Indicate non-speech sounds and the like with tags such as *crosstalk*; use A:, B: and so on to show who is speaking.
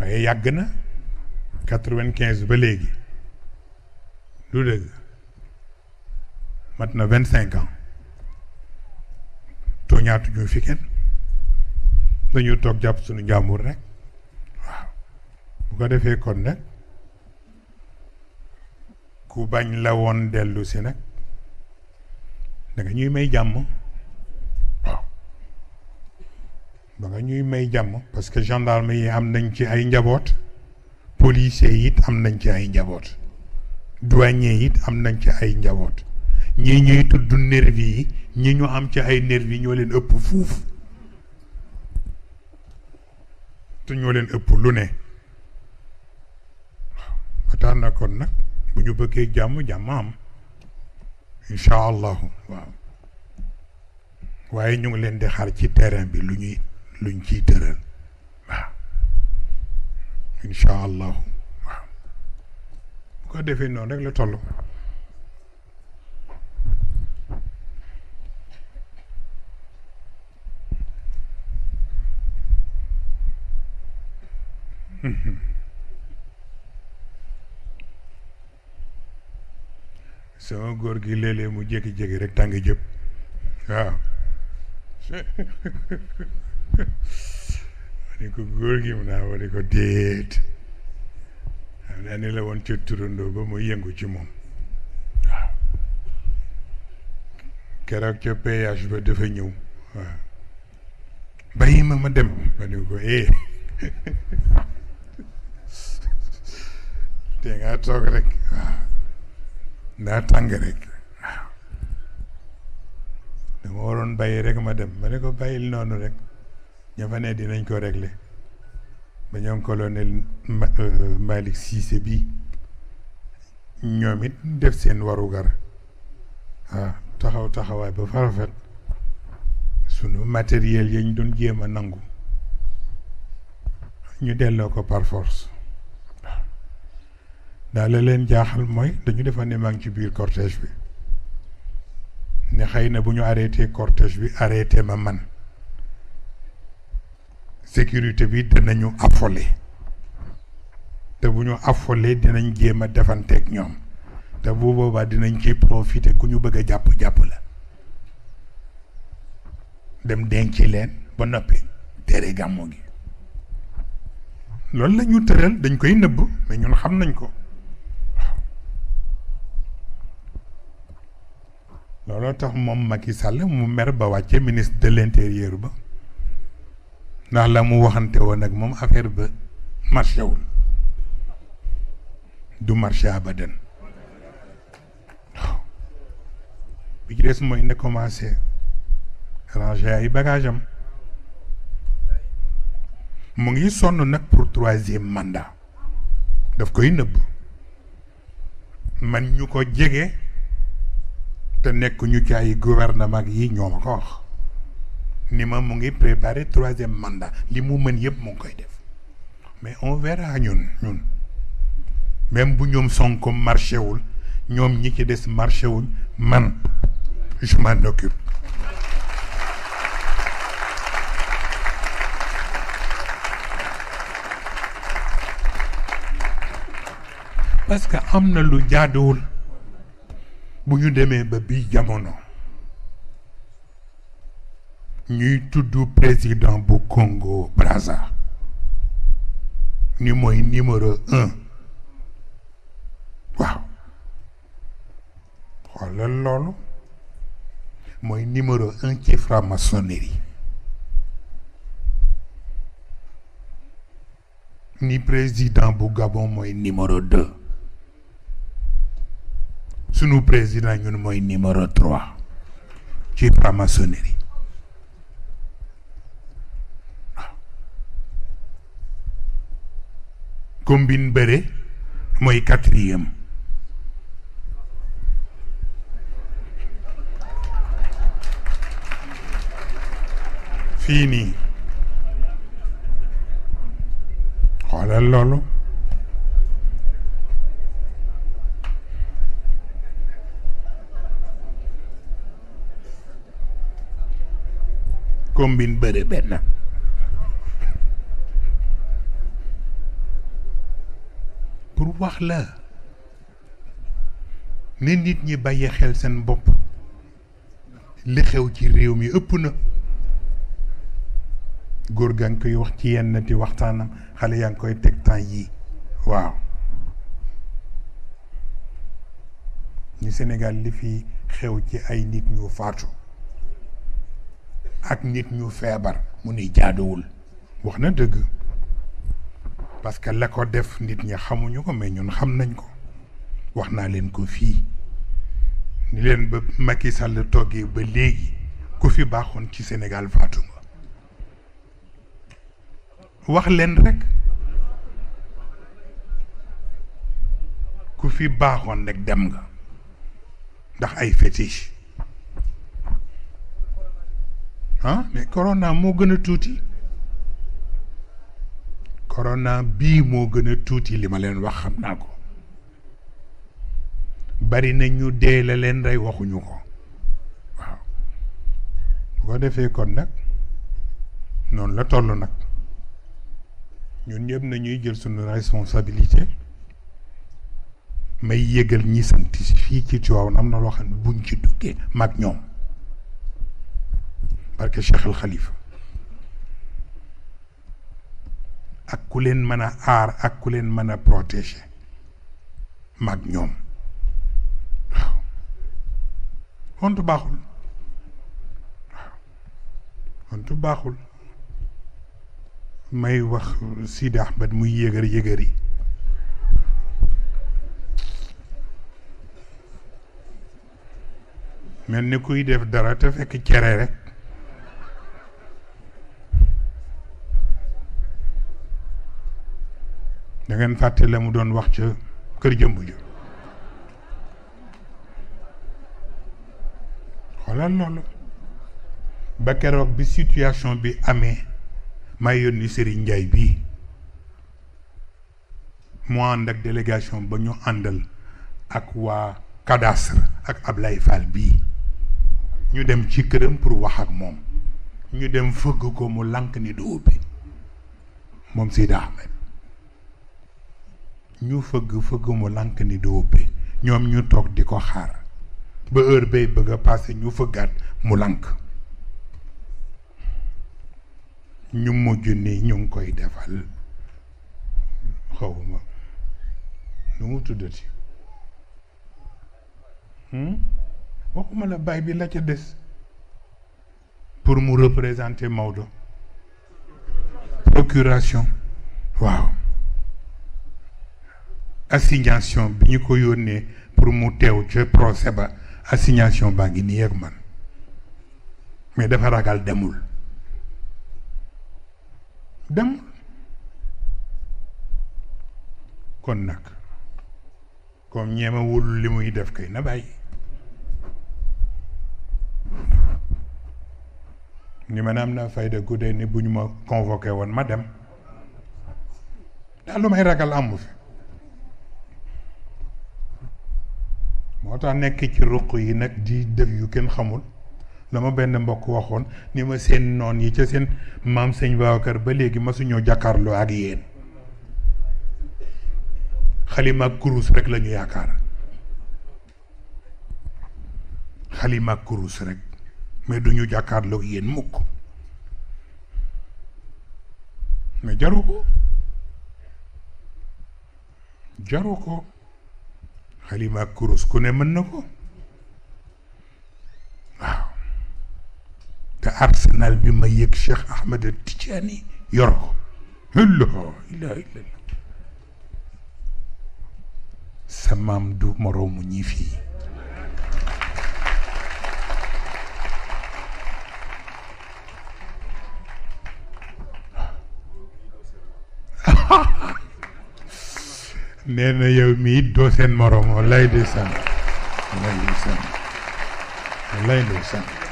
A: waaye yàgg na quatre vingt ba léegi lu dëgg mat na vingt-cinq ans tooñaatu ñu fi kenn dañu toog jàpp sunu njàmbur rek waaw bu ko defee kon nag ku bañ la woon dellusi si nag da ñuy may jàmm ba nga ñuy may jàmm parce que gendarme yi am nañ ci ay njaboot policiers yi it am nañ ci ay njaboot douaniers it am nañ ci ay njaboot ñi ñuy tudd nervi yi ñi ñu am ci ay nervi ñoo leen ëpp fuuf te ñoo leen ëpp lu ne waaw na kon nag bu ñu bëggee jàmm jàmm am waaye ñu ngi leen di xaar ci terrain bi lu ñuy luñ ciy tëral waaw incha allahu bu ko defee noonu rek la toll. *laughs* sama góor gi léeg-léeg mu jékki-jékki rek tàngi jëpp waaw *laughs* ma ne ko góor gi mu naa ma ne ko déet xam naa ne la woon ca turandoo ba mu yëngu ci moom waaw keroog ca ba dafa ñëw waaw bàyyi ma ma ne ko eh te *laughs* ngaa toog rek waaw ndaa tàng rek waaw dama ma dem ma ne ko bàyyil noonu ña ne dinañ ko régler ba ñoom colonel euh, Malick Cissé bi ñoom it def seen warugar waaw ah, taxaw taxawaay ba farafet sunu matériel yañ doon jéem a nangu ñu delloo ko par force daal leen jaaxal mooy dañu defa ne maa ngi ci biir cortège bi ne xëy na bu ñu arrêté cortège bi arrêté ma man sécurité bi danañu affolé te bu ñu affolé dinañ jéem a defanteeg ñoom te bu boobaa dinañ ci profité ku ñu bëgg a jàpp jàpp la dem denc leen ba noppi tere gàmmu gi loolu la ñu tëral dañ koy nëbb mais ñun xam nañ ko looloo tax moom Macky Sall mu mer ba wàcce ministre de l'intérieur ba. ndax la mu waxante woon ak moom affaire ba marché wul du marché abadan waaw des mooy na commencé ranger ay bagage am mu ngi sonn nag pour troisième mandat daf koy nëbb man ñu ko jege te nekk ñu ci ay yi ñoo ma ko wax ni ma mu ngi préparer troisième mandat li mu mën yëpp mu ngi koy def mais on verra ñun ñun même bu ñoom Sonko marché wul ñoom ñi ci des marché wul man je m'en occupe que am na lu jaaduwul bu ñu demee ba bi jamono ñuy tudd président bu Congo Brazza ni mooy numéro un waaw xoolal loolu mooy numéro un ci franc-maçonnerie ni président bu Gabon mooy numéro deux sunu président ñun mooy numéro trois ci franc-maçonnerie combine bëre mooy quatrième fii nii xoolal loolu combine bëre benn wax la ne nit ñi bàyyi xel seen bopp li xew ci réew mi ëpp na góor gaa ngi koy wax ci yenn ti waxtaanam xale yaa ngi koy teg temps yii waaw ñu senegal li fi xew ci ay nit ñu faatu ak nit ñu feebar mu ni jaaduwul wax na dëgg parce que la ko def nit ñi xamuñu ko may ñun xam nañ ko wax naa leen ko fii ni leen ba Macky Sall toggee ba léegi ku fi baaxoon ci senegal faatu nga wax leen rekk ku fi baaxoon rek dem nga ndax ay fétiche ah mais corona moo gën a tuuti corona bii moo gën a tuuti li ma leen wax xam naa ko bari na ñu dee la leen rey waxuñu ko waaw boo defee kon nag noonu la toll nag ñun ñëpp nañuy jël suñu responsabilité may yëgal ñi sant fii ci Tiwaawan am na loo xam ne buñ ci duggee mag ñoom barke Cheikh al ak ku leen mën a aar ak ku leen mën a protéger mag ñoom waaw wontu baaxul may wax Sidi Ahmed muy yëgër yëgër yi mel ni kuy def dara te fekk cere rek da ngeen fàtte la mu doon wax ca kër jëmb ja xoolal loolu ba keroog bi situation bi amee may yónni Serigne Ndiaye bii mu ànd ak délégation ba ñu àndal ak waa cadastre ak Ablaye Fall bii ñu dem ci këram pour wax ak moom ñu dem fëgg ko mu lànk ni du ubbi moom Seydi Ahmed ñu fëgg fëgg mu lànk ni du ubbi ñoom ñu toog di ko xaar ba heure bëgg a passé ñu fëggaat mu lànk ñu mujj ni ñu ngi koy defal xawma lu mu tuddati hmm? waxuma la baay bi la ca des pour mu représenter Maodo procuration waaw assignation bi ñu ko yónnee pour mu teew ca procès ba assignation baa ngi nii ak man mais dafa ragal demul demul kon nag comme ñeemewul li muy def kay na bàyyi ni man am na fayda guddee ni bu ñu ma convoqué woon ma dem daa lu may ragal amu fi moo tax nekk ci ruq yi nag di def yu kenn xamul la benn mbokk waxoon ni ma seen noon yi ca seen maam sëñ kër ba léegi masuñoo jàkkaarloo ak yéen xalima ak kurus rek la rek mais duñu ñu jàkkaarloo yéen mukk mais jaru ko jaru ko xalima ku ne mën na ko waaw arsenal bi ma yëg Cheikh Ahmed Tidiane yor ko loo ilaa ilaa sa maam du moroomu ñi fii nee na yow mii doo seen moroom lay de san lay de san lay de san